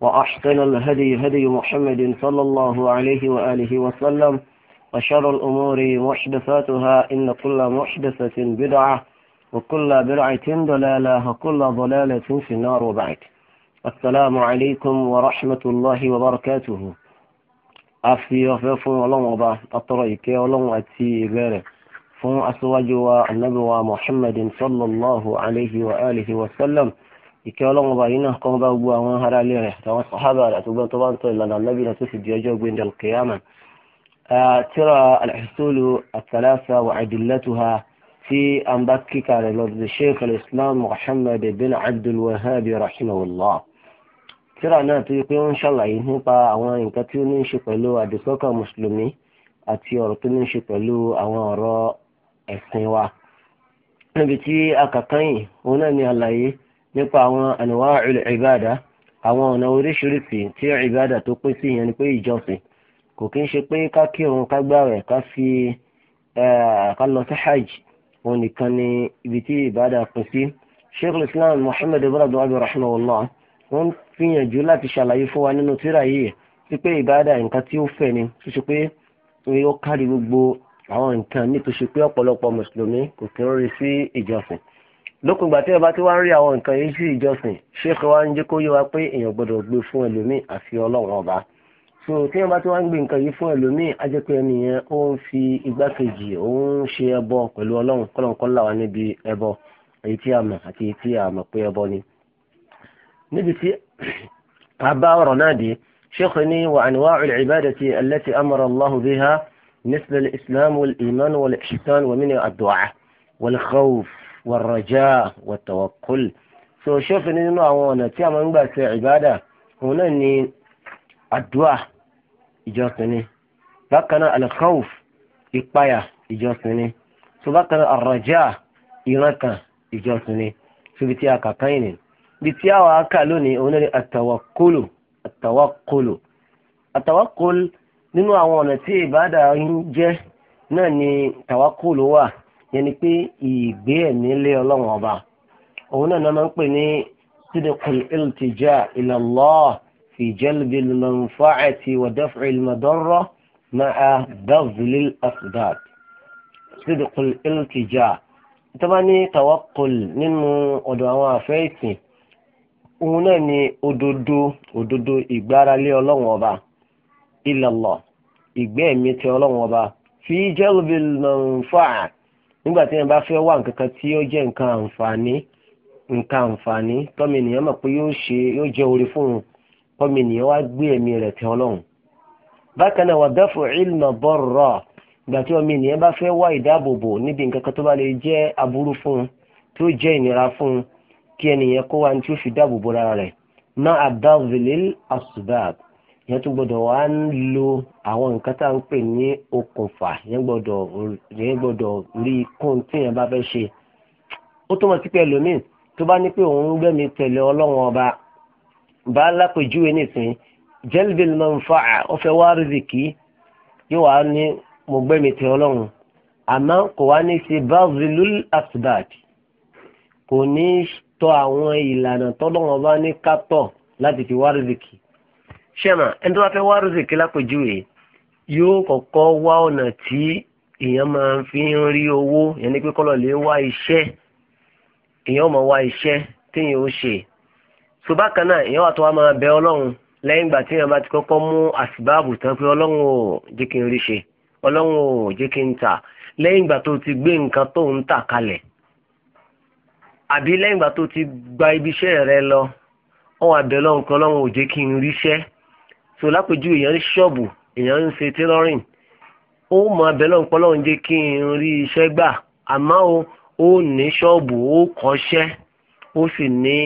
وأحسن الهدي هدي محمد صلى الله عليه وآله وسلم وشر الأمور محدثاتها إن كل محدثة بدعة وكل برعة ضلالة وكل ضلالة في النار وبعد السلام عليكم ورحمة الله وبركاته أفي وفيفون ولون وبا أطريك ولون أتي غيره فون أسواج النبي محمد صلى الله عليه وآله وسلم ìkẹ́ ọlọ́run ọba yìí náà kọ́ bá gbogbo àwọn aráalé rẹ̀ àtàwọn sàhábà rẹ̀ àtúgbọ́n tó bá ń tọ́ ìlànà anábì rẹ̀ tó fi di ọjọ́ gbẹ̀ndẹ̀ kìyàmà. tíra alẹ́sọ́lù àtàlásà wà àdìlẹ́tùhà tí a ń bá kíkà rẹ̀ lọ sí sheikh al-islam muhammad bin abdul wahhab rahimahullah. tíra náà tó yẹ pé ń ṣàlàyé nípa àwọn nǹkan tí ó ní í ṣe pẹ̀lú àdìsọ́kà mùsùlùmí àti ọ̀rọ̀ tó ní í ṣe pẹ̀lú nípa àwọn anwa'ul ìbáàdà àwọn ọ̀nà oríṣiríṣi tí ìbáàdà tó pín sí yẹn ni pé ìjọsìn kò kí ń ṣe pé ká kírun ká gbààwẹ̀ ká fi ká lọ sí hajj òun nìkan ni ibi tí ìbáàdà pín sí sheikhul islam muhammed ibn abdul rahimahullah wọ́n fìyànjú láti ṣàlàyé fún wa nínú tírà yìí sí pé ìbáàdà nǹkan tí ó fẹ̀ ni tó ṣe pé ó kárí gbogbo àwọn nǹkan ní tó ṣe pé ọ̀pọ̀lọpọ̀ mùsùlùmí kò kí ń rí sí ìjọsìn lókun ìgbà tí ẹ bá ti wá ń rí àwọn nǹkan yìí sí ìjọsìn ṣéèkì wa ń jẹ́ kó yé wa pé èèyàn gbọ́dọ̀ gbé fún ẹlòmíì àfi ọlọ́run ọba so tí ẹ bá ti wá ń gbé nǹkan yìí fún ẹlòmíì á jẹ́ pé ẹni yẹn ó ń fi igbákejì ó ń ṣe ẹbọ pẹ̀lú ọlọ́run kọ́lọ́nkọ́n là wá níbi ẹbọ èyí tí a mọ̀ àti èyí tí a mọ̀ pé ẹbọ ni. níbi tí a bá ọ̀rọ̀ náà dé ṣéèkì ni wà anwa'u al-ibadati wàrọ̀já wàtàwàkùl so ṣọ́ọ̀fin nínú àwọn ọ̀nà tí a máa ń gbà ṣe ìbádà òun náà ni àdúà ìjọsìn ni bákan náà alkhawf ìpayà ìjọsìn ni so bákan náà àrọ̀já ìrankan ìjọsìn ni síbi tí a kà káyìn ni bí tí a wà á kà lónìí òun náà ni àtàwàkùlù àtàwàkùlù àtàwàkùlù nínú àwọn ọ̀nà tí ìbádà ń jẹ́ náà ni tàwákùlù wà yẹn ni pé ìgbé ẹ̀mí lé ọlọ́run ọba òun náà náà máa ń pè ní sídìkùn ìltìjà ila Allah fi jalbil manfa'ati wa daf'il madarra ma'a bazlil asdad sídìkùn ìltìjà tó bá ní tawakkul nínú ọ̀dọ̀ àwọn àfẹ́ ìsìn òun náà ni òdodo òdodo ìgbáralé ọlọ́run ọba ila ìgbé ẹ̀mí ti ọlọ́run ọba fi nígbà tí yẹn bá fẹ́ wá nǹkan kan tí yóò jẹ́ nǹkan àǹfààní nǹkan àǹfààní tọ́mi ènìyàn mọ̀ pé yóò ṣe yóò jẹ́ orí fún tọ́mi ènìyàn wá gbé ẹ̀mí rẹ̀ tẹ́ ọlọ́run. bákan náà wàdáfù ìlmà bọ́rọ̀ ìgbà tí ọmọ ènìyàn bá fẹ́ ìdáàbòbò níbi tó bá lè jẹ́ aburú fún jẹ́ ìnira wa ní tí ó fi dáàbòbò rárá rẹ̀ náà yẹn tún gbọ́dọ̀ wá ń lo àwọn nǹkan tá à ń pè ní okùnfà yẹn gbọ́dọ̀ yẹn gbọ́dọ̀ rí kún tí yẹn bá fẹ́ ṣe ó túmọ̀ sí pé ẹlòmíì tó bá ní pé òun ń gbẹ́mi tẹ̀lé ọlọ́run ọba bá lápèjúwe nìsín jẹ́lbìlì máa ń fa ọ̀fẹ́ wá rìzìkì yóò wá ní mo gbẹ́mi tẹ̀lé ọlọ́run àmọ́ kò wá ní ṣe bazilul asbad kò ní tọ àwọn ìlànà tọ́lọ́run ọba ní kátọ̀ láti fi wá rìzìkì ṣẹ́mà ẹni tó bá fẹ́ wá rìsìkì lápèjúwe yóò kọ́kọ́ wá ọ̀nà tí èèyàn máa fi ń rí owó yẹn ni pé kọ́lọ̀ lè wá iṣẹ́ èèyàn máa wá iṣẹ́ téèyàn ó ṣe tó bákan náà èèyàn wà tó wá máa bẹ ọlọ́run lẹ́yìn ìgbà tí èèyàn bá ti kọ́kọ́ mú àsìbáàbù tán pé ọlọ́run ò jẹ́ kí n rí ṣe ọlọ́run ò jẹ́ kí n tà lẹ́yìn ìgbà tó ti gbé nǹkan tó ń tà kalẹ̀ àbí lẹ́yìn ìgbà tó ti gba ibiṣẹ́ rẹ lọ wọ́n wà bẹ ọlọ́run kan ọlọ́run ò jẹ́ kí n ríṣẹ́ so lápèjú èèyàn ń ṣọ́ọ̀bù èèyàn ń ṣe tailoring ó mọ abẹ́lẹ̀ ọ̀pọ̀lọ́ ń jẹ́ kí n rí iṣẹ́ gbà àmọ́ o ó ní ṣọ́ọ̀bù ó kọ́ṣẹ́ ó sì ní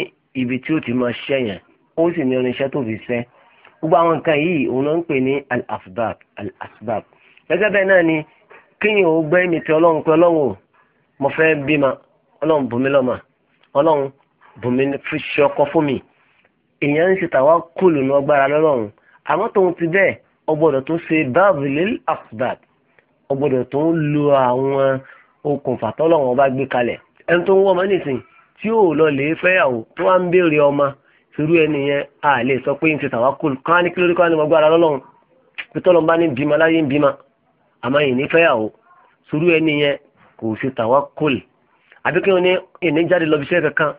ibi tí ó ti máa ṣẹ́ yẹn ó sì ní irinṣẹ́ tó fi ṣẹ́ gbogbo àwọn nǹkan yìí òun náà ń pè ní al-asbab al-asbab gẹ́gẹ́ bẹ́ẹ̀ náà ni kíyìn ò gbẹ́ ní ti ọlọ́run pé ọlọ́run ò mo fẹ́ bímọ ọlọ́run bùnmi lọ́mọ ọlọ́run bùnmi fi ṣe ọkọ fún mi èèyàn ń ṣe tàwa kúlù ní ọgbára lọ́lọ́run àmọ́ tó ń ti bẹ́ẹ̀ ọgbọ́dọ̀ tó ṣe dáàbìlì asbab ọgbọ́dọ̀ tó ń lo àwọn okùnfà tọ́lọ́wọ́n bá gbé kalẹ̀ ẹni tó ń wọ́n ọmọ nìsín tí ò lọ lè fẹ́yàwó tó wá ń béèrè ọmọ irú ẹni yẹn a lè sọ pé n ti tàwa kúl kán ní kílódé kán ní mo gbára lọ́lọ́run pé tọ́lọ́n bá ní bímọ láyé ń bímọ àmọ́ yìí ní fẹ́yàwó irú ẹni yẹn kò sí tàwa kúl àbí kí wọ́n ní ìní jáde lọ bí iṣẹ́ kankan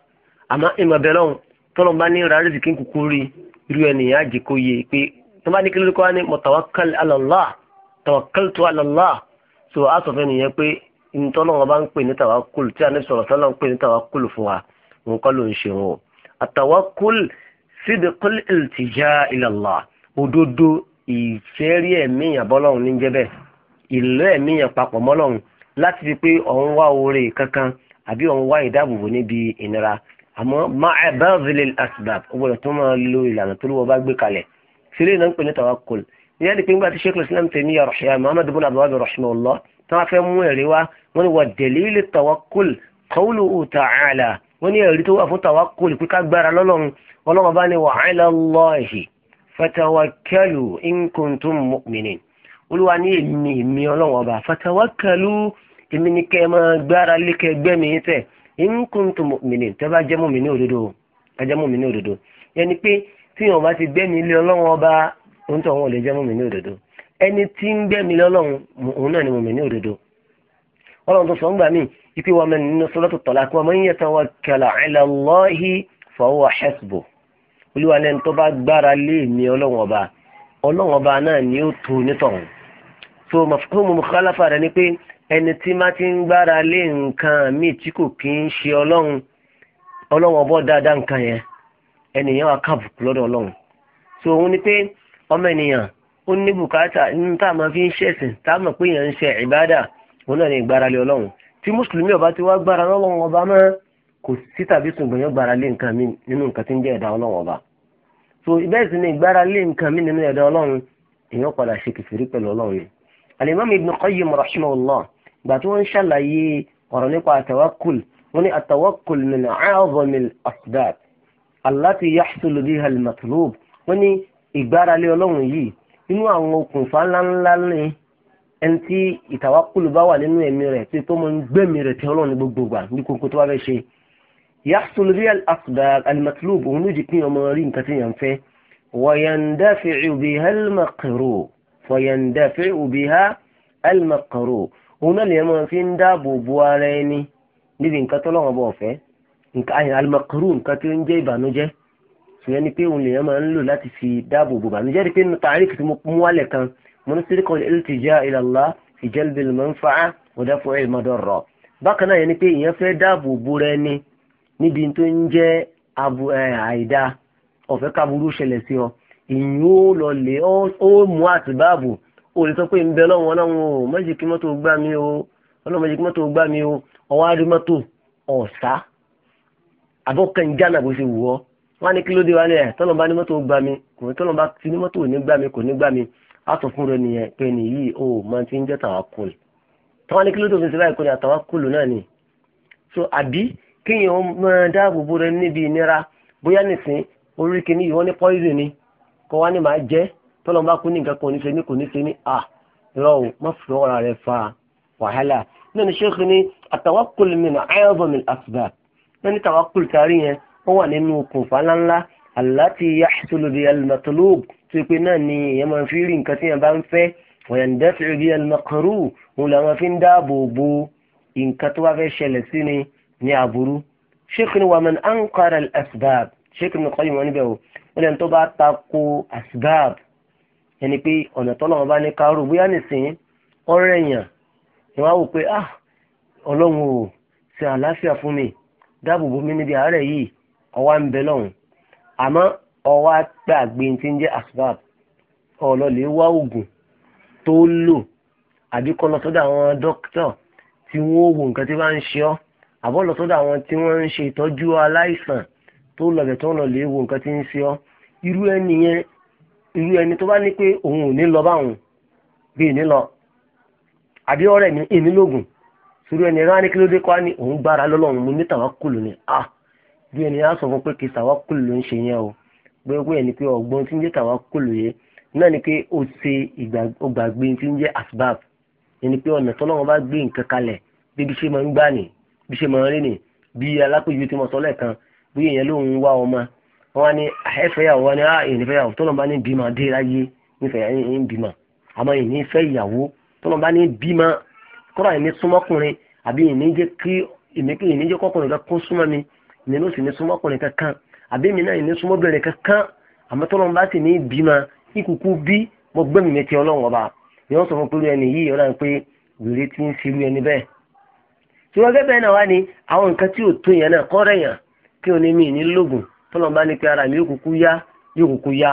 àmọ́ ìmọ̀ bẹ́ẹ̀ lọ́hùn tọ́lọ́n bá ní rárẹ̀ kí n kúkú rí irú ẹnìyàn àjẹ kó yẹ pé tó bá ní kí ló kọ́ ni mo tawakkal ala Allah tawakkaltu ala Allah so a sọ fẹ́ nìyẹn pé ntọ́nà wọn bá ń pè ní tawakkul tí a ní sọ̀rọ̀ sọ́nà ń pè ní tawakkul fún wa nǹkan ló ń ṣe wọn o àtawakkul sidqul iltija ila Allah òdodo ìfẹ́rí ẹ̀mí yàn bọ́lọ́run ní jẹ́bẹ̀ ìlú ẹ̀mí yàn papọ̀ mọ́lọ́run láti fi pé òun wá oore kankan àbí òun wá ìdáàbòbò níbi ìnira àmọ́ máa bá zilil asbab ó gbọ́dọ̀ tó máa lo ìlànà tó lówó bá gbé kalẹ̀ sílẹ̀ náà ń pè ní tawakkul ní ẹni pé nígbà tí sheikh islam Taymiyya rahimahullah muhammad ibn abdul wahab rahimahullah tí wọ́n fẹ́ mú ẹ̀rí wá wọ́n ní wà dalil tawakkul qawluhu ta'ala wọ́n ní ẹ̀rí tó wà fún tawakkul pé ká gbára lọ́lọ́run ọlọ́run bá ní wa 'ala in kuntum mu'minin tẹ́ bá jẹ́ mùmínì òdodo ẹ jẹ́ mùmínì òdodo yẹn ni pé tí wọn bá ti gbẹ́mí ilé ọlọ́run ọba ohun tó wọn lè jẹ́ mùmínì òdodo ẹni tí ń gbẹ́mí ilé ọlọ́run òun náà ni mùmínì òdodo ọlọ́run tó sọ ń gbà mí ipe wa mẹ́rin nínú suratul talaq wa man yatawakkala ala Allahi fahuwa hasbuh olúwa lẹ́nu tó bá gbára lé mi ọlọ́run ọba ọlọ́run ọba náà ni ó tu nítọ̀hún so mafhumu mukhalafa rẹ̀ ni pé ẹni tí má ti ń gbára lé nǹkan míì tí kò kí ń ṣe ọlọ́run ọlọ́run ọbọ̀ dáadáa nǹkan yẹn ẹnìyẹn wà kábùkù lọ́dọ̀ ọlọ́run so òun ni pé ọmọ ènìyàn ó ní bùkátà tá a máa fi ń ṣẹ̀sìn tá a mọ̀ pé èèyàn ń ṣe ìbádà òun náà ní ìgbára lé ọlọ́run tí mùsùlùmí ọba ti wá gbára lọ́lọ́run ọba mọ́ kò sí tàbí yóò gbára lé nǹkan nínú nǹkan tí ọba so bẹ́ẹ̀ sì ni ìgbára lé nǹkan nínú ẹ̀dá gbà tí wọ́n ń ṣàlàyé ọ̀rọ̀ nípa àtàwákùl wọ́n ní àtàwákùl min a'zamil asbab allati yahsulu biha al-matlub wọ́n ní ìgbáralé ọlọ́run yìí nínú àwọn okùnfà ńláńlá ní ẹni tí ìtàwákùl bá wà nínú ẹ̀mí rẹ̀ tí tó mọ ń gbẹ̀mí rẹ̀ tí ọlọ́run ní gbogbo gbà ní kókó tó wá fẹ́ ṣe yahsulu biha al-asbab òun ló jì ọmọ rí nǹkan tí yàn fẹ́ wa yandafi'u biha al-maqru wa yandafi'u òun náà lèèyàn máa fi ń dáàbò bo ara ẹni níbi nǹkan tó lọ́wọ́ bọ̀ ọ̀fẹ́ alimakuru nǹkan tó ń jẹ́ ìbànújẹ́ ṣùgbọ́n ni pé òun lèèyàn máa ń lò láti fi dáàbò bo ìbànújẹ́ rí pé nínú tàríkì tí mo mú wálẹ̀ kan mo ní sírí kan iltija ila Allah fi jalb al manfa'a wa daf'u al bákan náà yẹn ni pé ìyẹn fẹ́ dáàbò bo rẹ ni níbi tó ń jẹ́ àìdáa ọ̀fẹ́ káburú ṣẹlẹ̀ sí ọ ìyún ó lọ lè ó mú àtìbáàbò òòlù sọ pé ń bẹ lọ́wọ́ ọlọ́run o mọ́jì kí mọ́tò gbá mi o ọlọ́run mọ́jì kí mọ́tò gbá mi o ọwọ́ arí mọ́tò ọ̀sá àbọ̀kàn jánà bó ṣe wù ọ́ wọ́n á ní kí ló dé wá ní ẹ̀ tọ́lọ́mbà ní mọ́tò gbá mi kò ní tọ́lọ́mbà ti ní mọ́tò ní gbá mi kò ní gbá mi á sọ fún rẹ nìyẹn pé nìyí o máa ti ń jẹ́ tàwákùl tọ́wọ́n ní kí ló dé ni so àbí kéèyàn máa dáàbò bo rẹ níbi ìnira bóyá nìsín orí kìíní yìí ni kọ́ tọ́lọ́n bá kú ní nǹkan kan ní sẹ́ni kò ní sẹ́ni à irọ́ o má fi ọ̀rọ̀ rẹ̀ fa wàhálà nínú ṣéèkì ní àtàwákùl min a'zam al-asbab lẹ́ni tàwákùl kárí yẹn wọ́n wà nínú okùnfà ńláńlá allati yahsulu biha al-matlub tó pé náà ni èèyàn máa fi rí nǹkan tí yẹn bá ń fẹ́ wa yandafi'u biha al òun làwọn fi ń dáàbò bo nǹkan tó bá fẹ́ ṣẹlẹ̀ sí ni ní aburú ṣéèkì ní wa man asbab ṣéèkì ní kọ́ yìí níbẹ̀ o wọ́n lẹ́ni tó bá ta asbab ẹni pé ọ̀nà tọ́lọ́wọ́n bá ní kárò bóyá nìsín ọ̀rẹ́ èèyàn ni wọ́n wò pé ah ọlọ́run ò ṣe àlàáfíà fún mi dáàbò bo mi níbi àárẹ̀ yìí ọwá ń bẹ lọ́hùn àmọ́ ọwá gbàgbé tí ń jẹ́ asbab ọlọ́lẹ̀ wá oògùn tó lò àbí kọ́ lọ sọ́dọ̀ àwọn dókítà tí wọ́n wò nǹkan tí bá ń ṣe ọ́ àbọ̀ lọ sọ́dọ̀ àwọn tí wọ́n ń ṣe ìtọ́jú aláìsàn tó lọ̀bẹ̀ tó lọ̀lẹ̀ wò nǹkan tí ń ṣe ọ́ irú ẹni yẹn irú ẹni tó bá ní pé òun ò ní lọ báwọn bí ìní lọ àbí ọ̀rẹ́ mi ìní lóògùn sórí ẹni rán ní kí ló dé kó á ní òun gbára lọ́lọ́run mo ní tàwákùlù ni ah bí ẹni á sọ fún pé kí tàwákùlù ló ń ṣe yẹn o pé pé ẹni pé ọgbọ́n tí ń jẹ́ tàwákùlù yẹn náà ni pé ó ṣe ìgbàgbé tí ń jẹ́ asbab ẹni pé ọ̀nà tọ́lọ́run bá gbé nǹkan kalẹ̀ bí bí ṣe máa ń gbà ní bí ṣe máa ń rí ní bí alápèjú tí mo sọ lẹ́ẹ̀kan bí èèyàn lóun wá ọmọ wọn ni ah, ẹfẹyàwó wọn ni a ah, ìnífẹyàwó tó lọ́n bá ní bímọ dé láyé nífẹ̀yà ń bímọ àmọ́ ìnífẹ̀yàwó tó lọ́n bá ní bímọ kọ́ra ìní súnmọ́kùnrin àbí ìní jẹ́ kí ìní jẹ́ kọ́kùnrin kan kó súnmọ́ mi ìní ló sì ní súnmọ́kùnrin kankan àbí mi náà ìní súnmọ́bìnrin kankan àmọ́ tó lọ́n bá sì ní bímọ ìkùkù bí mo gbẹ́mìí mi ti ọlọ́run ọba ni wọ́n sọ fún pẹ̀lú ẹni yìí ọ̀ràn pé wèrè ti ń ṣerú ẹni bẹ́ẹ̀ tí wọ́n gẹ́gẹ́ bẹ́ẹ̀ náà wá ní àwọn nǹkan tí ò tó yẹn náà kọ́rẹ́yàn kí o ní mí ní lóògùn tọ́lọ́mbà ní pé ara mi yóò kúkú yá yóò kúkú yá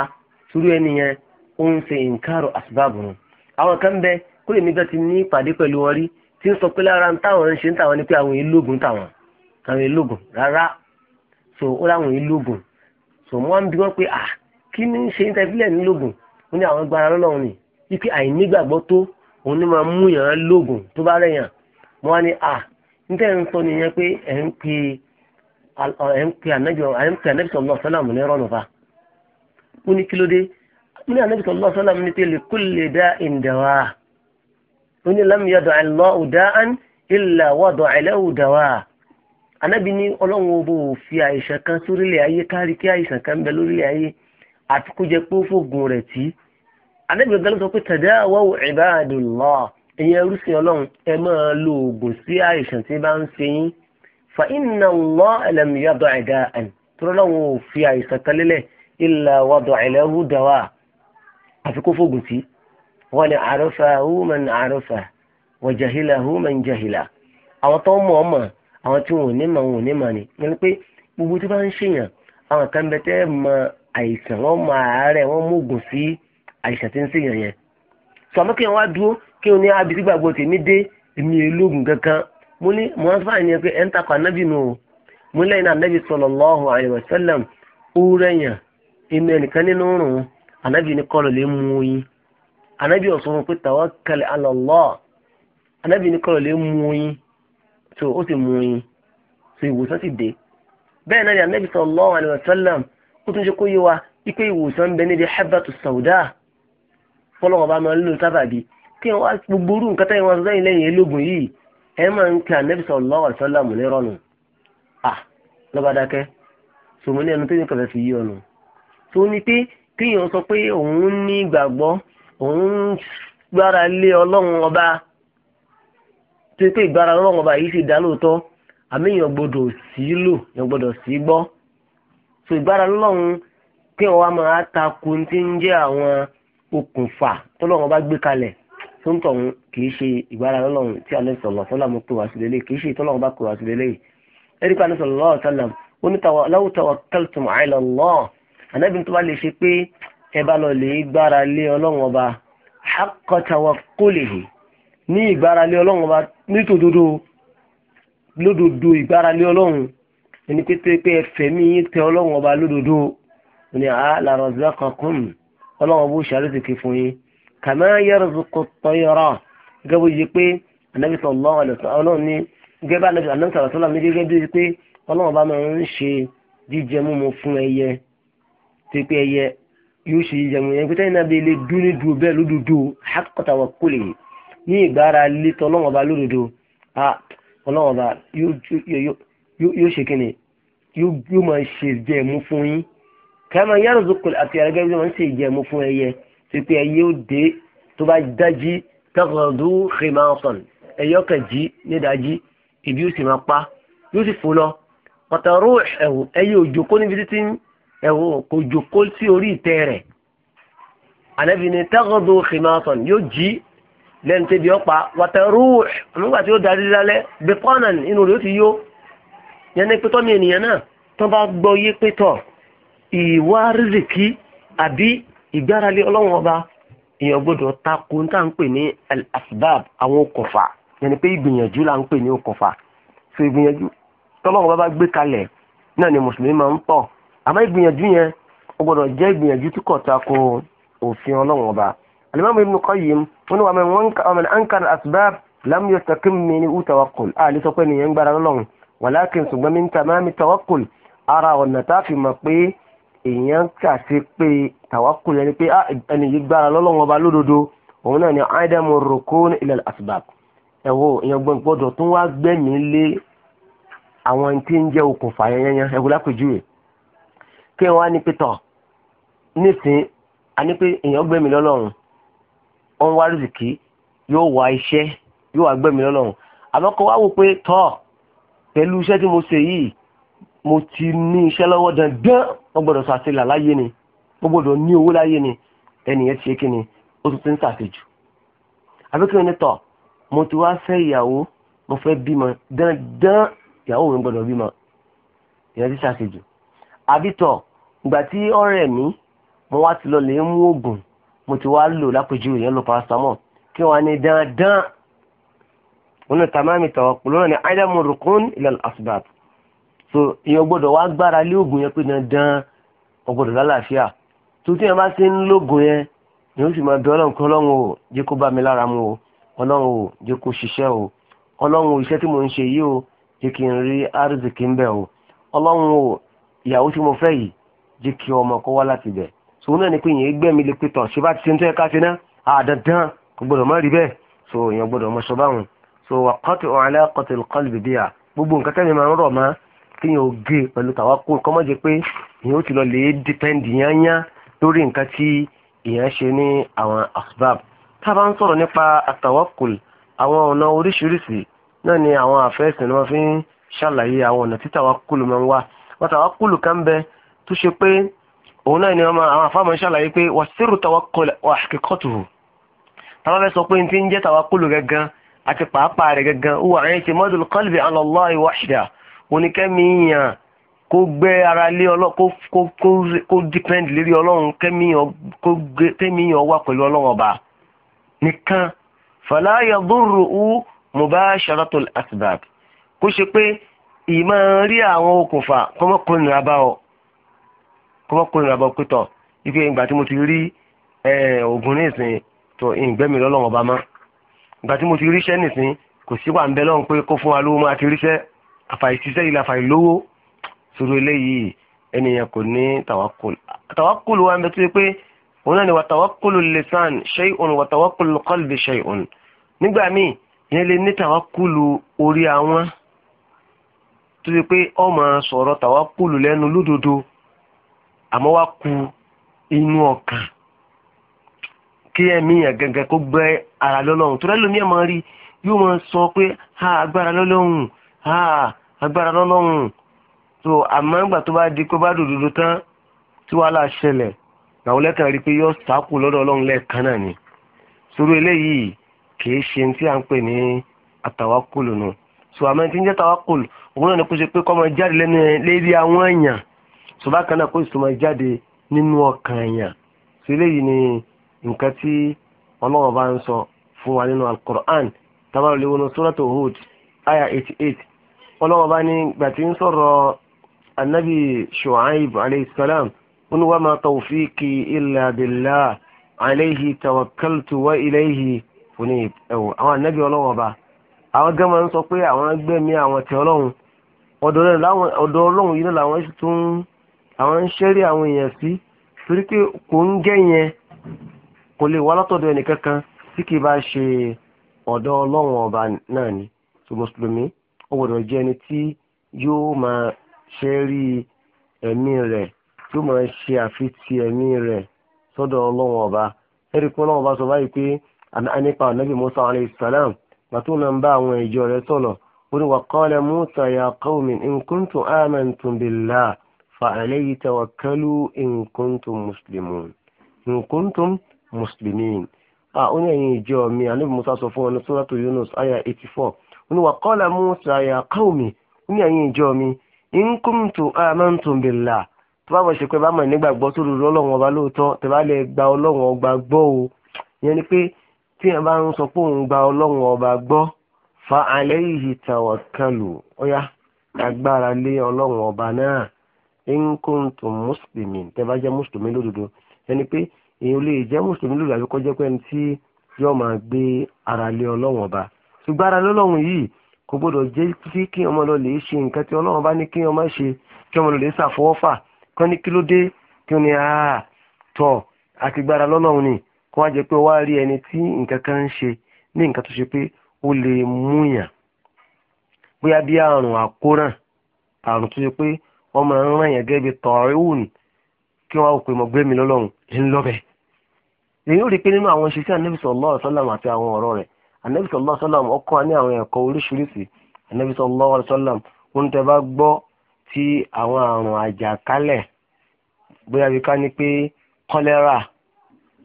sùúrù ẹni yẹn ó ń ṣe nkárò àsìbáàbù nù àwọn kan bẹ kó lè níbẹ̀ ti ní ìpàdé pẹ̀lú wọn rí tí ń sọ pé lára ń táwọn ń ṣe ń táwọn ni pé àwọn ìlógun táwọn àwọn ìlógun rárá so ó láwọn ìlógun so wọ́n ń bi wọ́n pé ah kí ni ń ṣe ń tẹ́bílẹ̀ nílógun ó ní àwọn gbára lọ́lọ́run ni wípé àìnígbàgbọ́ tó òun ni máa mú yàn án lógun tó bá rẹ̀yàn wọ́n á ní ah ń tẹ́ ń sọ nìyẹn pé ẹ̀ ń pe ẹ̀ ń pe ànábì sallallahu alaihi wasallam ní rọ́nù fa ó ní kí ló dé ó ní ànábì sallallahu alaihi wasallam ní pé li kulli da'in dawa ó ní lam yad'a Allahu da'an illa wada'a lahu dawa ànábì ní ọlọ́run ọbọ̀ òfi àìsàn kan sórílẹ̀ ayé kárí kí àìsàn kan bẹ lórílẹ̀ ayé àti kó jẹ pé ó fògùn rẹ̀ tí ànábì gan sọ pé tadawaw ibadullah ẹ̀yin ẹrú sí ọlọ́run ẹ lo oògùn sí àìsàn tí bá ń ṣe yín فإن الله لم يضع yada' da'an tọ́lọ́ làwọn ò fi àìsàn kan lélẹ̀ illa wada'a lahu dawa àfi kó من sí wọ́n ní arafahu man arafa wa jahilahu man jahila àwọn tó mọ̀ ọ́ mọ̀ àwọn tí wọn ò ní mọ̀ wọn ò ní mọ̀ ni yẹn pé gbogbo tí wọ́n ń ṣèyàn àwọn kan bẹ tẹ́ mọ àìsàn wọn mọ àárẹ̀ wọn mógùn sí àìsàn tí ń ṣèyàn yẹn sọmọ kí wọn wá dúró kí wọn ní abisí tèmi dé èmi èlógún kankan mo ní mo ń fà ní pé ẹ̀ ń takọ̀ anábì nù o mo lẹ́yìn náà anábì sallallahu alaihi wasallam òwúrẹ̀yàn inú ẹnìkan nínú rùn anábì ní kọ́lọ̀ lè mú oyin anábì ọ̀sán pé tawakkal ala Allah anábì ní kọ́lọ̀ lè mú oyin tó ó sì mú oyin tó ìwòsàn sì dé bẹ́ẹ̀ náà ni anábì sallallahu alaihi wasallam ó tún ṣe kó yé wa ipe ìwòsàn bẹ níbi habatu sauda fọlọ́wọ́ bá máa lò sábàbí kí wọ́n gbogbo orú nǹkan táyé wọn sọ lẹ́yìn lẹ́yìn elógun yìí ẹ máa ń pe anabi sallallahu alaihi wasallam ní rọnù à lọ́ba dákẹ́ sọmọ ní ẹnu tó yẹ kẹfẹ́ fi yí ọ̀nà tó ní pé sọ pé òun ní òun gbára lé ọlọ́run ọba tó pé ìgbára ọlọ́run ọba yìí sì dá lóòótọ́ àmì sí lò sí gbọ́ so ìgbára ọlọ́run kéèyàn máa tí ń jẹ́ àwọn okùnfà tọ́lọ́run ọba gbé sóńtọ̀ ń kì í ṣe ìgbára lọ́lọ́run tí alẹ́ sọ̀lọ̀ sọ́làmù tó wá sí lélẹ̀ kì í ṣe ìtọ́lọ́run bá kó wá sí lélẹ̀ ẹ̀rí pa anáṣọ lọ́wọ́ sálàm ó ní law tawakkaltum ala Allah ànábì tó bá lè ṣe pé ẹ bá lọ lè gbára lé ọlọ́run ọba haqqa tawakkulihi ní ìgbára lé ọlọ́run ọba nítòdodo lódodo ìgbára lé ọlọ́run ẹni pé pé ẹfẹ̀mí tẹ ọlọ́run ọba lódodo ní àlàrọ̀ zákàkùn ọlọ́run ọba ó ṣàrètìkì fún yín kàmá yarzuqu at-tayra gẹ́gẹ́ bó ṣe pé anabi sallallahu alaihi wasallam ní gẹ́gẹ́ bá anabi anabi sallallahu alaihi wasallam ní gẹ́gẹ́ bí pé ọlọ́run bá máa ń ṣe jíjẹ múmu fún ẹyẹ tí pé ẹyẹ yóò ṣe jíjẹ múmu yẹn pété náà bí ilé dún ní dùn bẹ́ẹ̀ lódodo haqqa tawakkulihi ní ìgbára létọ́ ọlọ́run ọba lódodo ọlọ́run ọba yóò ṣe kíni yóò máa ṣe jẹ́ mú fún yín kama yarzuqu àti àrẹ́gẹ́gẹ́ bí wọ́n ń ṣe jẹ́ mú fún ẹyẹ pé ẹyẹ ó dé tó bá dájí tẹ́kọ̀ọ́dú rìmánsọ̀n ẹyẹ ọkàn jí ní dájí ìbí ó sì máa pa yóò sì fò lọ pàtàró ẹ̀wò ẹyẹ òjòkó níbi títí ẹ̀wò kò jòkó sí orí ìtẹ́ rẹ̀ ànábì ni tẹ́kọ̀ọ́dú rìmánsọ̀n yóò jí lẹ́nu tẹ́bi ọ̀pá pàtàró nígbà tí ó darí lálẹ́ bẹ́kọ́nà inú rẹ̀ ó ti yó yẹn ní mi ènìyàn náà tó bá gbọ́ yé pétọ́ ìwà ìgbáralé ọlọ́run ọba èèyàn gbọ́dọ̀ takò ń tà ń pè ní asbab àwọn okùnfà yẹnni pé ìgbìyànjú là ń pè ní okùnfà so ìgbìyànjú tọ́lọ́run bá bá gbé kalẹ̀ náà ni mùsùlùmí máa ń pọ̀ àmọ́ ìgbìyànjú yẹn ó gbọ́dọ̀ jẹ́ ìgbìyànjú tí kò takò òfin ọlọ́run ọba alimami ibn qayyim wọn ni wàá mẹ́rin ankara asbab lam yastaqim mi ni u tawakkul a lè sọ pé nìyẹn gbára lọ́lọ́run wàlákin ṣùgbọ́n mi ń ta máa mi tawakkul ara ọ̀nà tá a fi mọ̀ pé èèyàn kà sí pé tàwákùn yẹn ni pé ah, ẹni yìí gbára lọ́lọ́wọ́n ọba lódodo òun náà ni ádámù rukun ilal asbab ẹ̀wọ̀ èèyàn gbọ́n gbọ́dọ̀ tó wá gbẹ̀mí lé àwọn tí ń jẹ́ okùnfà yẹnyẹn ẹ̀wọ̀ lápèjúwe kí wọ́n á ní pé tọ̀ nísìn á ní pé èèyàn gbẹ̀mí lọ́lọ́run ọ̀n wá rìsìkì yóò wá iṣẹ́ yóò wá gbẹ̀mí lọ́lọ́run àmọ́ kó wá wò pé tọ̀ pẹ̀lú iṣẹ́ tí mo ṣe yìí mo ti ní iṣẹ́ lọ́wọ́ dandan wọ́n gbọ́dọ̀ sọ àṣelà láyé ni wọ́n gbọ́dọ̀ ní owó láyé ni ẹnìyẹn ti ṣe kí ni ó tún ti ń ṣàṣejù àbíkẹ́ ní tọ̀ mo ti wá fẹ́ ìyàwó mo fẹ́ bímọ dandan ìyàwó mi gbọ́dọ̀ bímọ ìyẹn ti ṣàṣejù àbí ìgbà tí ọ̀rẹ́ mi mo wá ti lọ lè mú oògùn mo ti wá lò lápèjúwe yẹn lò paracetamol kí wọ́n á ní wọn ní tàmámi tọ̀ lọ́nà ní ádámù rukun ilẹ̀ so èèyàn gbọ́dọ̀ wá gbára lé oògùn yẹn pé dandan ọgbọ́dọ̀ lálàáfíà tó tí yẹn bá ti ń lóògùn yẹn ni ó sì máa bẹ ọlọ́run kí ọlọ́run o jẹ́ kó bá mi lára mu o ọlọ́run o jẹ́ kó ṣiṣẹ́ o ọlọ́run o iṣẹ́ tí mo ń ṣe yìí o jẹ́ kí n rí arzikí ń bẹ̀ o ọlọ́run o ìyàwó tí mo fẹ́ yìí jẹ́ kí ọmọ kó wá láti bẹ̀ so náà ni pé yẹn gbẹ̀mí lè pétọ̀ ṣé bá ti ṣe ń tọ́ ẹ ká náà àdandan kò gbọ́dọ̀ má rí bẹ́ẹ̀ so èèyàn gbọ́dọ̀ mọ so wà kọ́tù ọ̀hánlẹ́ kọ́tù kọ́lù bìbí à gbogbo nǹkan tẹ́lẹ̀ máa ń rọ̀ máa kíyàn oge pẹ̀lú tàwákùn kọ́ mọ́ jẹ pé ìyẹn ó ti lọ lè dípẹ́ndì yányá lórí nǹkan tí ìyẹn ṣe ní àwọn asbab tá a bá ń sọ̀rọ̀ nípa àtàwákùn àwọn ọ̀nà oríṣiríṣi náà ni àwọn àfẹ́sìn ni wọ́n fi ń ṣàlàyé àwọn ọ̀nà tí tàwákùn máa ń wà wọ́n tàwákùn kan bẹ tó ṣe pé òun náà ni àwọn àfáàmọ̀ ṣàlàyé pé wà sírù tàwákùn wà kíkọ́tù táwọn fẹ́ sọ pé n ti ń jẹ́ tàwákùn gangan àti pàápàá rẹ̀ gangan wà ẹ̀yìn ti mọ́dúlù qalbi ala Allah oníkẹ́mi yàn kó gbé ara lé ọlọ́run kó kó kó kó depend lérí ọlọ́run kẹ́mi yàn kó gbé kẹ́mi yàn wà pẹ̀lú ọlọ́run ọba nìkan fala yadurru mubasharatul asbab kó ṣe pé ìmọ̀ rí àwọn okùnfà kọ́mọ́kùnrin nira bá ọ kọ́mọ́kùnrin nira bá ọ pẹ́tọ̀ ipe ìgbà tí mo ti rí oògùn ní ìsìn tó ìgbẹ́mi lọ́lọ́run ọba mọ́ ìgbà tí mo ti ríṣẹ́ nìsín kò sí wà ń bẹ lọ́run pé kó fún wa lówó mọ́ àti ríṣẹ́ àfàìṣiṣẹ́ ilẹ̀ àfàìlówó sọ̀rọ̀ eléyìí ẹnìyàn kò ní tàwákùlù tàwákùlù wa ń bẹ tó pé òun náà ni wà tàwákùlù lisan shay'un wà tàwákùlù qalbi shay'un nígbà míì yẹn lè ní tàwákùlù orí àwọn tó yẹ pé ó máa sọ̀rọ̀ tàwákùlù lẹ́nu lódodo àmọ́ wá ku inú ọkàn kí ẹ̀mí yẹn gẹ́gẹ́ kó gbé ara lọ́lọ́run tó rẹ́ lómi ẹ̀ máa rí yóò máa sọ pé ha agbára lọ́lọ́run ha agbára lọ́lọ́run tó àmọ́ ìgbà tó bá di pé bá dòdòdó tán tí wàhálà ṣẹlẹ̀ làwọn lẹ́kàn rí i pé yóò sáàkù lọ́dọ̀ ọlọ́run lẹ́ẹ̀kan náà ni sórí eléyìí kìí ṣe tí à ń pè ní àtàwákùlù nù so àmọ́ tí ń jẹ́ tàwákùlù òun náà ni kó ṣe pé kọ́ máa jáde lẹ́nu lérí àwọn èèyàn so bákan náà kó sì máa jáde nínú ọkàn èèyàn so eléyìí ni nǹkan tí ọlọ́run bá ń sọ fún wa nínú al-Qur'an tábàlù léwu ní suratu Hud aya eighty eight ọlọ́wọ́ bá ní gbà tí ń sọ̀rọ̀ anabi shu'aib aleyhisselam ó ní wa ma tawfiqi illa billah aleyhi tawakkaltu wa ilayhi fúnni ẹ̀wọ̀ àwọn anabi ọlọ́wọ́ bá àwọn gẹ́gẹ́ máa ń sọ pé àwọn gbẹ̀mí àwọn tẹ ọlọ́run ọ̀dọ̀ ọlọ́run yìí náà làwọn sì tún àwọn ń ṣẹ́rí àwọn èèyàn sí torí pé kò ń gẹ́ kò lè wá látọ̀dọ̀ ẹnìkankan tí kì í bá ṣe ọ̀dọ̀ ọlọ́run ọba náà ni ó gbọ́dọ̀ jẹ́ ẹni tí yóò máa ṣe rí ẹ̀mí rẹ̀ yóò máa ṣe àfitì ẹ̀mí rẹ̀ sọ́dọ̀ ọlọ́run ọba ẹ̀rí pé ọlọ́run ọba sọ báyìí pé nípa ànábì musa alayhi salam gbàtó náà ń bá àwọn ìjọ rẹ̀ sọ̀rọ̀ ó ní wàkọ́lẹ̀ musa ya qawmi in kuntum amantum billah fa alayhi tawakkalu in muslimin. ó ní ẹ̀yin ìjọ mi ànábì musa sọ fún wọn ní suratu yunus aya eighty four ní wàkọ́lá musa ya qaumi ní ẹ̀yin ìjọ mi in kuntu amantum billah tó bá wọ̀ ṣe pé bá mọ̀ nígbàgbọ́ tó rúru ọlọ́run ọba lóòótọ́ tẹ bá lè gba ọlọ́run ọba gbọ́ o ìyẹn ni pé tí ẹ bá ń sọ pé òun gba ọlọ́run ọba gbọ́ fa alayhi tawakkalu ọ̀yá agbára lé ọlọ́run ọba náà in kuntum muslimin tẹ bá jẹ́ mùsùlùmí lódodo ẹni pé èèyàn lè jẹ́ mùsùlùmí lódodo àbíkọ́ jẹ́ pé ẹni tí yóò máa gbé ara lé ọlọ́run ọba ṣùgbọ́n ara lọ́lọ́run yìí kò gbọdọ̀ jẹ́ sí kí ọmọ lọ lè ṣe nǹkan tí ọlọ́run bá ní kí ọmọ ṣe kí ọmọ lọ lè ṣàfọwọ́fà kán ní kí ló dé kí ni àá tọ̀ àti gbára lọ́lọ́run ni kó wá jẹ́ pé wá rí ẹni tí nǹkan kan ń ṣe ní nǹkan tó ṣe pé ó lè múyàn bóyá bí àrùn àkóràn àrùn tó ṣe pé wọ́n máa ń ràn yàn gẹ́gẹ́ bí tọ̀ọ́rìwùn kí wọ́n á pè mọ́ anabi sallallahu alaihi wasallam ọkọ ní àwọn ẹ̀kọ́ oríṣiríṣi anabi sallallahu alaihi wasallam wọn tẹ bá gbọ́ tí àwọn àrùn àjàkálẹ̀ bóyá bí ká ní pé kọ́lẹ́rà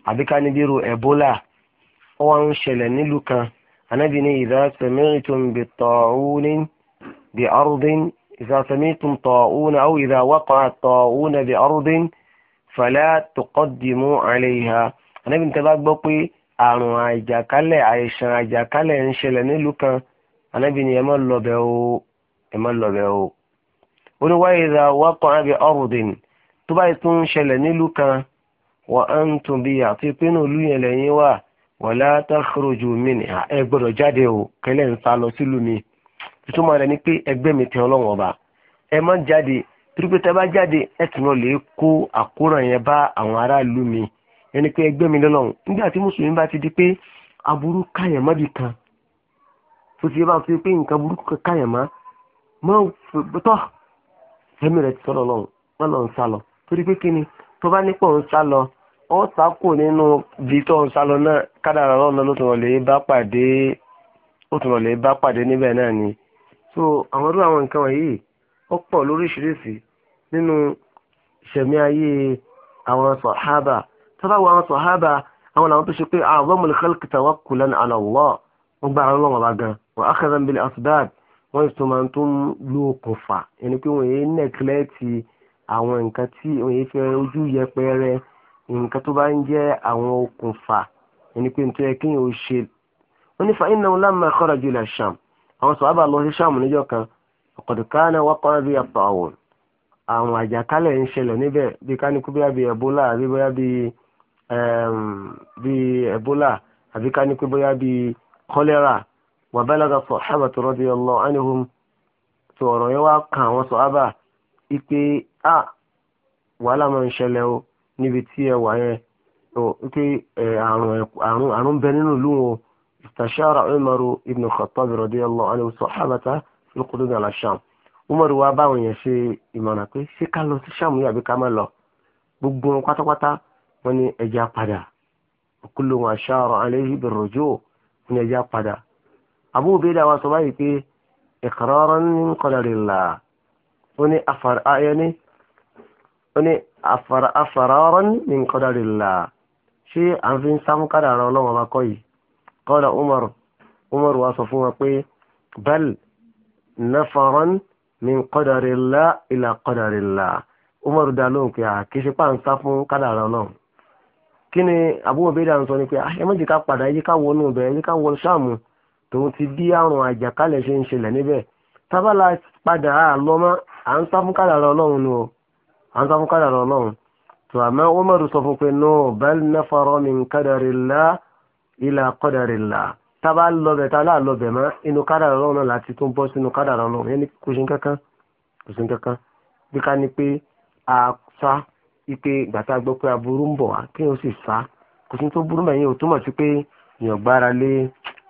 àbí ká ní bírú ẹ̀bólà ó wá ń ṣẹlẹ̀ nílùú kan anabi ní idha sami'tum bi ta'unin bi ardin idha sami'tum ta'una aw idha waqa'a ta'una bi ardin fala tuqaddimu 'alayha anabi ní tẹ bá gbọ́ pé àrùn àjàkálẹ̀ àìsàn àjàkálẹ̀ ń ṣẹlẹ̀ nílùú kan anábì ni ẹ má lọ́bẹ̀ o ẹ má lọ́bẹ̀ o. ó ní wáyé ra wákan ábí ọ̀rùndìn tó báyìí tún ń ṣẹlẹ̀ nílùú kan wọ́n á ń tún bí àti pinnu ìlú yẹn lẹ́yìn wà wala takhruju minha ẹ gbọ́dọ̀ jáde o kẹlẹ́ ń sá lọ sílùú mi ìtumọ̀ rẹ̀ ni pé ẹgbẹ́ mi tẹ ọlọ́wọ́n ọba ẹ má jáde torí bá jáde ẹ tún lọ lè kó àkóràn yẹn bá àwọn aráàlú mi ẹni pé ẹgbẹ́ mi lọ́lọ́run nígbà tí mùsùlùmí bá ti di pé aburú káyàn má bi kan tó ti bá fi pé nǹkan burúkú kan káyàn má mọ́ tọ́ ẹ̀mí rẹ̀ ti sọ̀rọ̀ lọ́run wọ́n lọ́n sá lọ torí pé kí ni ń sá lọ nínú ibi tó ń sá náà kádàrà lọ́nà ló tún lè pàdé níbẹ̀ náà ni so àwọn irú àwọn nǹkan wọ̀nyí ó pọ̀ lóríṣiríṣi nínú ìṣẹ̀mí ayé tábà wọ àwọn sọ̀hábà àwọn làwọn tó ṣe pé a'zamul khalqi tawakkulan ala Allah wọ́n gbára lọ́wọ́ bá gan wọ́n akhadhan bil asbab wọ́n sì tún máa tó ń lo okùnfà ẹni pé wọ́n yé nẹ́kílẹ́ẹ̀tì àwọn nǹkan tí wọ́n ní fàáyínà wọn lámà kharaju ila Sham àwọn sọ̀hábà lọ sí Sham níjọ́ kan ọ̀kọ̀dùkánà wákọ́rọ́ bí apá àwọn àjàkálẹ̀ ń ṣẹlẹ̀ níbẹ̀ bí káníkú bí Um, bi ebola àbí ká ní pé bóyá bíi kọ́lẹ́rà wa balaga sahabatu radiyallahu anhum tó ọ̀rọ̀ yẹn wá kan àwọn sọ̀hábà ipe a wàhálà máa ń ṣẹlẹ̀ o níbi tí ẹ wà yẹn o ipe àrùn àrùn bẹ nínú ìlú wọn ibn khattab radiyallahu anhu sahabata fil qudud ala sham umaru wa báwọn yẹn ṣe ìmọ̀ràn pé ṣé ká lọ sí sham yàbí ká má lọ gbogbo wọn pátápátá wọ́n ní ẹja padà kullu wọn ashara alayhi birruju wọ́n ní ẹja padà Abu Ubayda wa sọ báyìí pé iqraran min qadarillah wọ́n ní afar ayẹni wọ́n ní afararan min qadarillah ṣé à ń fi ń sáfún kádàrá ọlọ́wọ́n ọba kọ́ yìí qala Umar Umar wa sọ fún wa pé bal nafaran min qadarilla ila qadarilla umaru da lóhùn pé àkíṣe pa ń sá fún kádàrá ọlọ́run kí ni àbúrò bẹ́ẹ̀ dáhùn sọ ni pé ah, ẹ méjì ká padà ẹ jẹ́ ká wọnú ibẹ̀ ẹ jẹ́ ká wọ sáàmù tòun ti bí àrùn àjàkálẹ̀ ṣe ń ṣẹlẹ̀ níbẹ̀ tábàlà padà àlọ́ mọ́ à ń sá fún kádàrá ọlọ́run ni o à ń sá fún kádàrá ọlọ́run tó àmọ́ Umaru sọ fún pé no bal nafara min qadarillah ila qadarillah tábà lọ́bẹ̀ tá láàlọ́bẹ̀ mọ́ inú kádàrá ọlọ́run náà láti tún bọ́ sínú kádàrá ọlọ́run yẹn ni kò ṣe kankan kò ṣe kankan bí ká ní pé a sá ipe gbàtà gbọ́ pé aburú ń bọ̀ wá kí o sì sá kò sí tó burú mẹ́yìn o túmọ̀ sí pé èèyàn gbára lé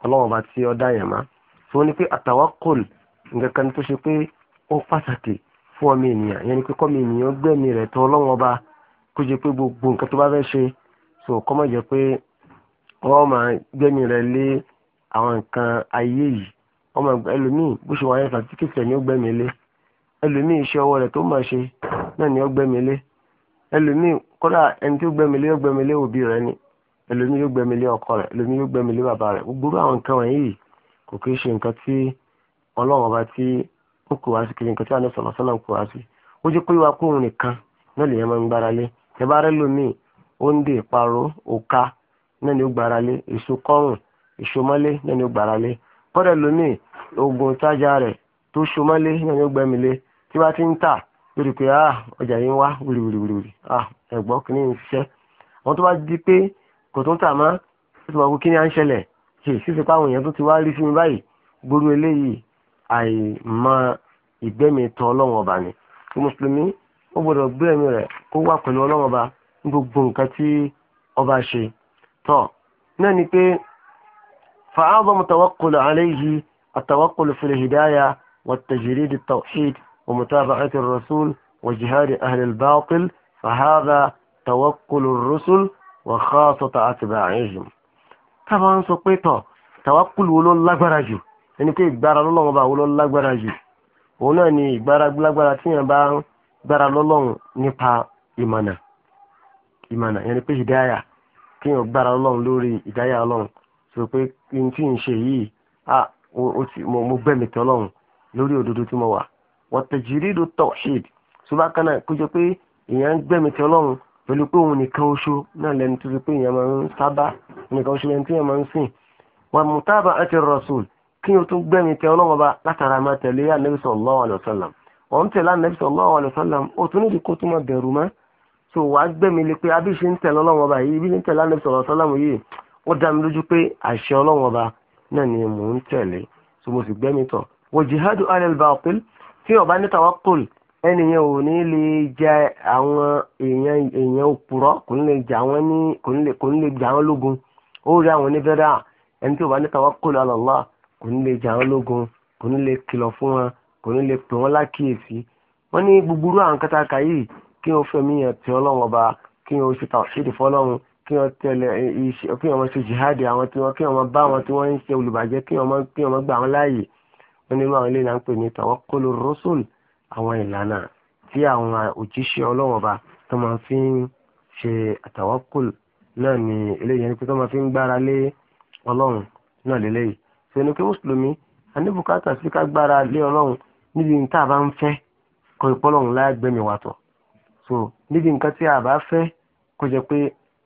ọlọ́wọ́n bá tí ọ dá yẹn má tí wọ́n ní pé àtàwákkùl nǹkan kan tó ṣe pé ó pàtàkì fún ọmọ ènìyàn yẹn ni pé kọ́mọ ènìyàn gbẹ̀mí rẹ̀ tọ́ ọlọ́wọ́n bá kó jẹ pé gbogbo nǹkan tó bá fẹ́ ṣe so kọ́mọ jẹ pé wọ́n máa gbẹ̀mí rẹ̀ lé àwọn nǹkan ayé yìí ọmọ ẹlòmíì bó ṣe wáyé sàtífíkẹ̀tì ẹ̀ ní ó gbẹ̀mí lé ẹlòmíì iṣẹ́ ọwọ́ rẹ̀ tó máa ṣe náà ní ó gbẹ̀mí lé ẹlòmíì kódà ẹni tí ó gbẹ̀mílé ó gbẹ̀mílé òbí rẹ̀ ni ẹlòmíì yóò gbẹ̀mílé ọkọ rẹ̀ ẹlòmíì yóò gbẹ̀mílé bàbá rẹ̀ gbogbo àwọn nǹkan wọ̀nyí kò kí ń ṣe nǹkan tí ọlọ́run ọba tí ó kù wá sí kiri nǹkan tí àná sọ̀rọ̀ sọ́nà kù wá sí ó jẹ́ pé wá kó òun nìkan náà lèèyàn máa ń gbára lé tẹ́bárẹ́ lómìn ó ń dè ìparọ́ òka náà ni ó gbára lé èso kọ́rùn èso ó rí i pé ah, ọjà yìí ń wá wìrìwìrìwìrì ah, ẹ̀gbọ́n kìíní ń ṣiṣẹ́ àwọn tó bá di pé kò tó ń tà mọ́ ó ti mọ̀ pé kí à ń ṣẹlẹ̀ ṣèṣe páwọn èèyàn tó ti wá rí sí mi báyìí gbóró eléyìí àìmọ ìgbẹ́mi tọ ọlọ́run ọba ni tí mùsùlùmí ó gbọ́dọ̀ gbé rẹ̀ kó wà pẹ̀lú ọlọ́run ọba ní gbogbo nǹkan tí ọba ṣe tọ̀ náà ni pé fa'adhamu tawakkulu alayhi at-tawakkulu fil hidayah wat-tajrid at-tawhid ومتابعة الرسول وجهاد أهل الباطل فهذا توكل الرسل وخاصة أتباعهم طبعا سقيطة توكل ولو الله برجو ẹni pé ìgbára lọ́lọ́run bá wọ́n lágbára jù òun náà ni ìgbára lágbára tí yẹn bá ń gbára lọ́lọ́run nípa ìmọ̀nà ìmọ̀nà yẹn ni pé ìdáyà kí yẹn gbára lọ́lọ́run lórí ìdáyà ọlọ́run sọ pé kí n tí ń ṣe yìí mo gbẹ̀mí tọ́lọ́run lórí òdodo tí mo wà wọ́tẹ̀jìrìdù tawhid ṣùgbọ́n kan náà kó jẹ́ pé èèyàn ń gbẹ̀mí ti ọlọ́run pẹ̀lú pé òun nìkan oṣù náà lẹ́nu tó fi pé èèyàn máa ń sábà nìkan oṣù lẹ́nu tí èèyàn máa ń sìn wà mùtábà àti rasul kí o tún gbẹ̀mí ti ọlọ́run ọba látara máa tẹ̀lé anabi sallallahu alayhi wa sallam ọ̀ ń tẹ̀lé anabi sallallahu alayhi wa sallam o tún nídìí kó tún máa bẹ̀rù mọ́ tó wàá gbẹ̀mí le pé abí ṣe ń tẹ̀lé ọlọ́run ọba yìí tí ó bá ní tawakkul ẹnìyẹn ò ní lè jẹ àwọn èèyàn èèyàn òpùrọ́ kò ní lè jẹ àwọn ní kò ní lè kò ní lè jẹ àwọn lógun ó rí àwọn oníbẹ̀rẹ̀ à ẹni tí ó bá ní tawakkul ala Allah kò ní lè jẹ àwọn lógun kò ní lè kìlọ̀ fún wọn kò ní lè pè wọ́n lákìyèsí wọ́n ní gbogbo àwọn kátàkà yìí kí wọ́n fẹ́ míyàn tí ọlọ́run ọba kí wọ́n ṣe tàwọ́ṣẹ́dì fọlọ́run kí wọ́n tẹ̀lé iṣẹ́ kí wọ́n ṣe jihadi àwọn tí wọ́n kí wọ́n bá àwọn tí wọ́n ń ṣe olùbàjẹ́ kí wọ́n gbà wọ́n láàyè onírú àwọn ilé náà ń pè ní tawakkulu rusul àwọn ìlànà tí àwọn òjíṣẹ́ ọlọ́wọ́n ba tó máa fi ń ṣe àtawakkul náà ni eléyìí ẹni pé tó máa fi ń gbára lé ọlọ́run náà lélẹ́yìí sẹ́nu kí mùsùlùmí aníbùkátà sí ká gbára lé ọlọ́run níbi tá a bá ń fẹ́ kọ ìpọ́lọ́run láàgbẹ́mi wa tọ̀ so níbi nǹkan tí a bá fẹ́ kó jẹ́ pé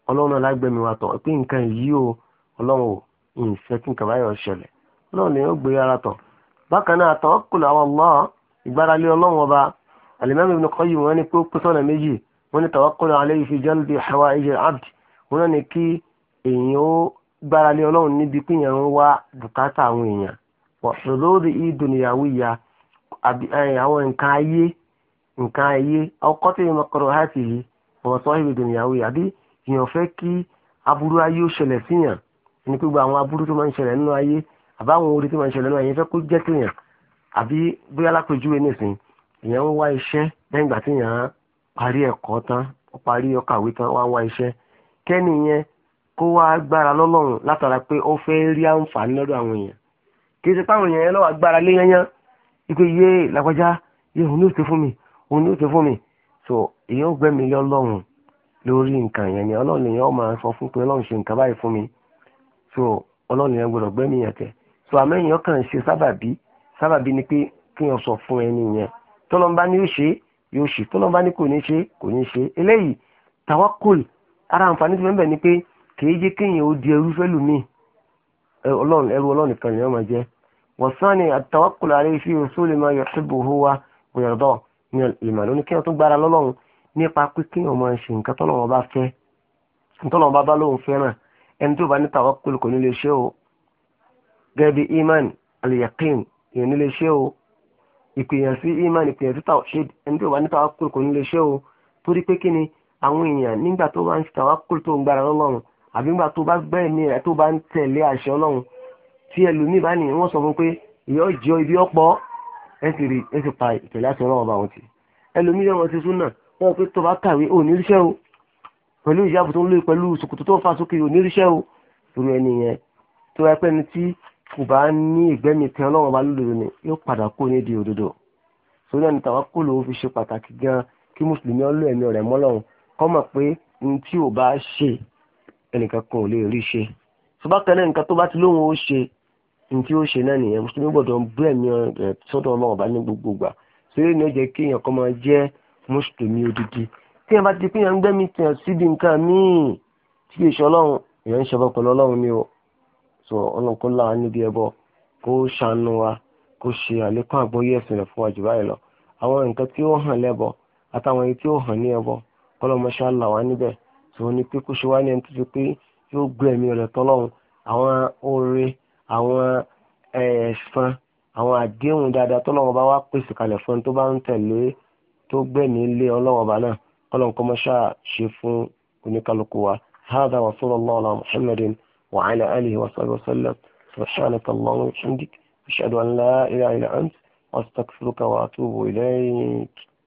ọlọ́run náà lágbẹ̀mí wa tọ̀ pé nǹkan yìí o ọlọ́run ò ìfẹ́ kí nǹkan báyọ̀ ṣẹlẹ̀ ọlọ́run ni ó gbé ara tọ̀ bákan náà àtọ́kùlù àwọn Allah ìgbáralé ọlọ́run ọba alimami ibn Qayyim wọn ni pé ó pín sọ́nà méjì wọn ni tawakkulu alayhi fi jalbi hawaij al-abd wọn náà ni kí èèyàn ó gbáralé ọlọ́run níbi pé èèyàn ń wá bùkátà àwọn èèyàn lórí dunyawiyya àwọn nǹkan ayé nǹkan ayé ọkọ tí èèyàn kọrọ láti yìí sọ èèyàn fẹ́ kí aburú ayé ó ṣẹlẹ̀ síyàn àbáwọn orí tí wọ́n ń ṣẹlẹ̀ náà ẹ̀yin fẹ́ kó jẹ́ kéèyàn àbí bóyá lápèjúwe nìsín èèyàn ń wá iṣẹ́ lẹ́yìn ìgbà tí èèyàn parí ẹ̀kọ́ tán ó parí ó kàwé tán wá ń wá iṣẹ́ kẹ́ni yẹn kó wá gbára lọ́lọ́run látara pé ó fẹ́ rí àǹfààní lọ́dọ̀ àwọn èèyàn kì í ṣe táwọn èèyàn yẹn lọ́wọ́ agbára lé yányán ipe yé làkọjá yé òun ní òtún fún mi òun ní òtún fún mi so èèyàn ó gbẹ́mi lé ọlọ́run lórí nǹkan yẹn ni ọlọ́run èèyàn ó máa sọ fún pé ọlọ́run ṣe nǹkan báyìí fún mi so ọlọ́run yẹn gbọ́dọ̀ gbẹ́mi yẹn tẹ̀ tó àmẹ́yìn ọkàn ṣe sábàbí sábàbí ni pé kí wọ́n sọ fún ẹni yẹn tọ́lọ́mbá ni yóò ṣe yóò ṣe tọ́lọ́mbá ni kò ní ṣe kò ní ṣe eléyìí tawakul ara àǹfààní tó fẹ́ ni pé kìí jẹ́ kéèyàn ó di ẹrú fẹ́lú mi ọlọ́run ẹrú ọlọ́run nìkan yẹn máa jẹ́ wọ̀sán ni àtàwákùlà rẹ̀ fi òṣòlè máa yọ síbò hùwà gbìyànjọ́ ní ìmọ̀ lónìí kéèyàn tó gbára lọ́lọ́run nípa pé kéèyàn máa ṣe nǹkan tọ́lọ́run bá fẹ́ tọ́lọ́run bá bá lóun fẹ́ràn ẹni tó bá ní tàwákùlù kò ní lè ṣe gẹ́gẹ́ bí iman aliyakin èèyàn nílé iṣẹ́ o ìpèyàn sí iman ìpèyàn sí tawhid ẹni tí ò bá ní tawakkul kò nílé iṣẹ́ o torí pé kí ni àwọn èèyàn nígbà tó bá ń fi tawakkul tó ń gbára lọ́lọ́run àbí nígbà tó bá gbẹ́ ẹ̀mí rẹ̀ tó bá ń tẹ̀lé àṣẹ ọlọ́run tí ẹlòmíì bá nìyẹn wọ́n sọ fún pé ìyọ́ jọ ibi ọ̀pọ̀ ẹ sì rí ẹ sì pa ìtẹ̀lé àṣẹ ọlọ́run ọba àwọn ti ẹlòmíì yẹn wọ́n ti súnà wọ́n pé tó bá kàwé ò ní ríṣẹ́ o pẹ̀lú ìyàbù fa sókè ò ní ríṣẹ́ o torí ẹni yẹn kò bá ní ìgbẹ́mi tẹ ọlọ́run bá lòdòdò ni yóò padà kó nídìí òdodo sórí ẹni tàwa kó lòun fi ṣe pàtàkì gan kí mùsùlùmí ọlọ́ ẹ̀mí rẹ̀ mọ́lọ́run kọ́ mọ̀ pé ní tí ò bá ṣe ẹnìkan kan ò lè rí ṣe ṣùgbọ́n nǹkan tó bá ti lóun ó ṣe ní tí ó ṣe náà nìyẹn mùsùlùmí gbọ́dọ̀ bú ẹ̀mí rẹ̀ sọ́dọ̀ ọlọ́run bá ní gbogbo ìgbà sórí ni ó jẹ́ kí èèyàn kan máa jẹ́ mùsùlùmí so ọlọ́run kó láwa níbi ẹbọ kó ṣàánú wa kó ṣe àlékún àgbọ́yé ẹ̀sìn rẹ̀ fún wa jù báyìí lọ àwọn nǹkan tí ó hàn lẹ́bọ àtàwọn èyí tí ó hàn ní ẹbọ kọlọmọṣá là wá níbẹ̀ tó ní pé kó ṣe wá ní ẹni tó ti pé yóò gbé ẹ̀mí rẹ̀ tọ́lọ́run àwọn oore àwọn ẹ̀san àwọn àdéhùn dáadáa tọ́lọ́run bá wá pèsè kalẹ̀ fún tó bá ń tẹ̀lé tó gbẹ̀mí lé ọlọ́run náà kọlọmọṣá ṣe fún oníkálukú wa. هذا وصلى الله على محمد وعلى آله وصحبه وسلم سبحانك اللهم وبحمدك أشهد أن لا إله إلا أنت أستغفرك وأتوب إليك